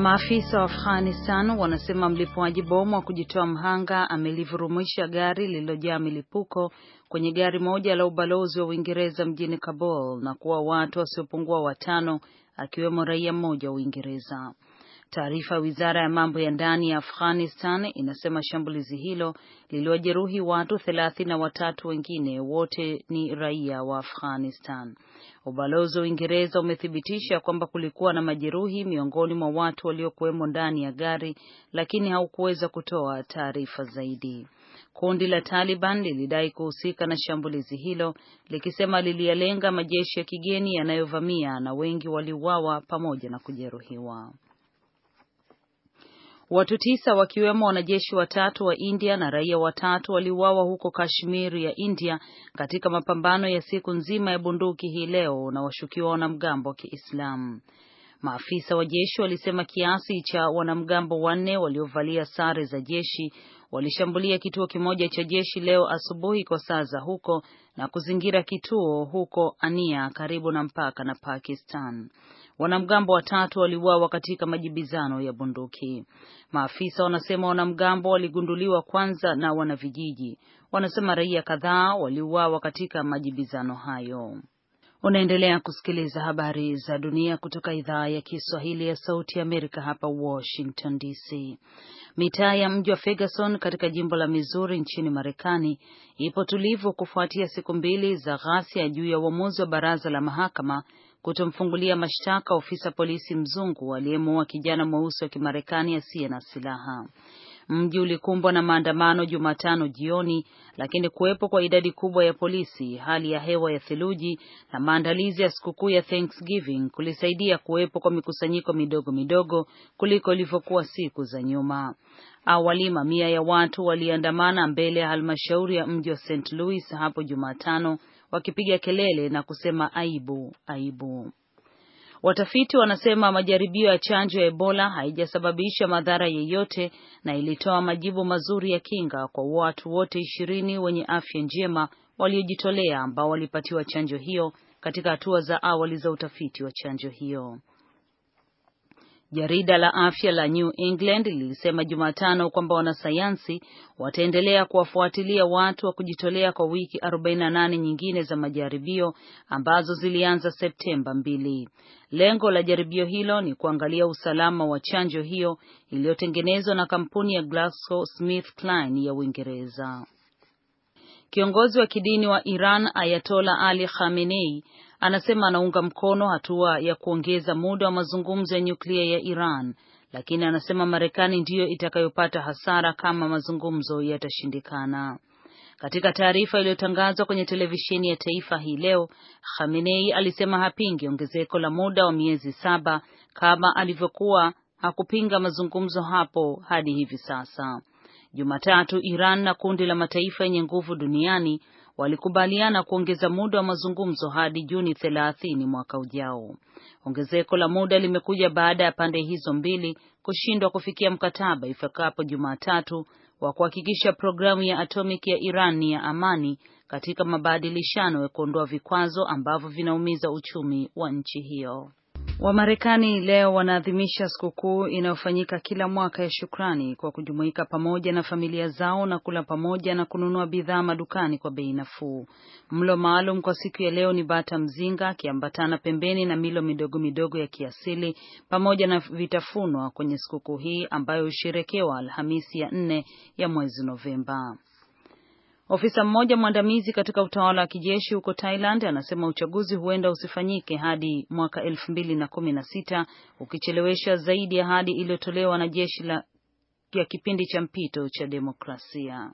Maafisa wa Afghanistan wanasema mlipuaji bomu wa kujitoa mhanga amelivurumisha gari lililojaa milipuko kwenye gari moja la ubalozi wa Uingereza mjini Kabul na kuwa watu wasiopungua watano akiwemo raia mmoja wa Uingereza. Taarifa ya wizara ya mambo ya ndani ya Afghanistan inasema shambulizi hilo liliwajeruhi watu thelathini na watatu, wengine wote ni raia wa Afghanistan. Ubalozi wa Uingereza umethibitisha kwamba kulikuwa na majeruhi miongoni mwa watu waliokuwemo ndani ya gari, lakini haukuweza kutoa taarifa zaidi. Kundi la Taliban lilidai kuhusika na shambulizi hilo likisema liliyalenga majeshi ya kigeni yanayovamia na wengi waliuawa pamoja na kujeruhiwa. Watu tisa wakiwemo wanajeshi watatu wa India na raia watatu waliuawa huko Kashmir ya India katika mapambano ya siku nzima ya bunduki hii leo na washukiwa wanamgambo wa Kiislamu. Maafisa wa jeshi walisema kiasi cha wanamgambo wanne waliovalia sare za jeshi walishambulia kituo kimoja cha jeshi leo asubuhi kwa saa za huko na kuzingira kituo huko Ania karibu na mpaka na Pakistan. Wanamgambo watatu waliuawa katika majibizano ya bunduki. Maafisa wanasema wanamgambo waligunduliwa kwanza na wanavijiji. Wanasema raia kadhaa waliuawa katika majibizano hayo. Unaendelea kusikiliza habari za dunia kutoka idhaa ya Kiswahili ya Sauti ya Amerika hapa Washington DC. Mitaa ya mji wa Ferguson katika jimbo la Missouri nchini Marekani ipo tulivu kufuatia siku mbili za ghasia juu ya uamuzi wa baraza la mahakama kutomfungulia mashtaka ofisa polisi mzungu aliyemuua kijana mweusi wa Kimarekani asiye na silaha. Mji ulikumbwa na maandamano Jumatano jioni, lakini kuwepo kwa idadi kubwa ya polisi, hali ya hewa ya theluji na maandalizi ya sikukuu ya Thanksgiving kulisaidia kuwepo kwa mikusanyiko midogo midogo kuliko ilivyokuwa siku za nyuma. Awali mamia ya watu waliandamana mbele ya halmashauri ya mji wa St. Louis hapo Jumatano wakipiga kelele na kusema aibu, aibu. Watafiti wanasema majaribio ya chanjo ya Ebola haijasababisha madhara yeyote na ilitoa majibu mazuri ya kinga kwa watu wote ishirini wenye afya njema waliojitolea ambao walipatiwa chanjo hiyo katika hatua za awali za utafiti wa chanjo hiyo. Jarida la afya la New England lilisema Jumatano kwamba wanasayansi wataendelea kuwafuatilia watu wa kujitolea kwa wiki 48 nyingine za majaribio ambazo zilianza Septemba 2. Lengo la jaribio hilo ni kuangalia usalama wa chanjo hiyo iliyotengenezwa na kampuni ya GlaxoSmithKline ya Uingereza. Kiongozi wa kidini wa Iran Ayatollah Ali Khamenei anasema anaunga mkono hatua ya kuongeza muda wa mazungumzo ya nyuklia ya Iran, lakini anasema Marekani ndiyo itakayopata hasara kama mazungumzo yatashindikana. Katika taarifa iliyotangazwa kwenye televisheni ya taifa hii leo, Khamenei alisema hapingi ongezeko la muda wa miezi saba kama alivyokuwa hakupinga mazungumzo hapo hadi hivi sasa. Jumatatu, Iran na kundi la mataifa yenye nguvu duniani walikubaliana kuongeza muda wa mazungumzo hadi Juni 30 mwaka ujao. Ongezeko la muda limekuja baada ya pande hizo mbili kushindwa kufikia mkataba ifikapo Jumatatu wa kuhakikisha programu ya atomic ya Iran ni ya amani katika mabadilishano ya kuondoa vikwazo ambavyo vinaumiza uchumi wa nchi hiyo. Wamarekani leo wanaadhimisha sikukuu inayofanyika kila mwaka ya shukrani kwa kujumuika pamoja na familia zao na kula pamoja na kununua bidhaa madukani kwa bei nafuu. Mlo maalum kwa siku ya leo ni bata mzinga akiambatana pembeni na milo midogo midogo ya kiasili pamoja na vitafunwa kwenye sikukuu hii ambayo husherekewa Alhamisi ya nne ya mwezi Novemba. Ofisa mmoja mwandamizi katika utawala wa kijeshi huko Thailand anasema uchaguzi huenda usifanyike hadi mwaka elfu mbili na kumi na sita ukichelewesha zaidi ya hadi iliyotolewa na jeshi la ya kipindi cha mpito cha demokrasia.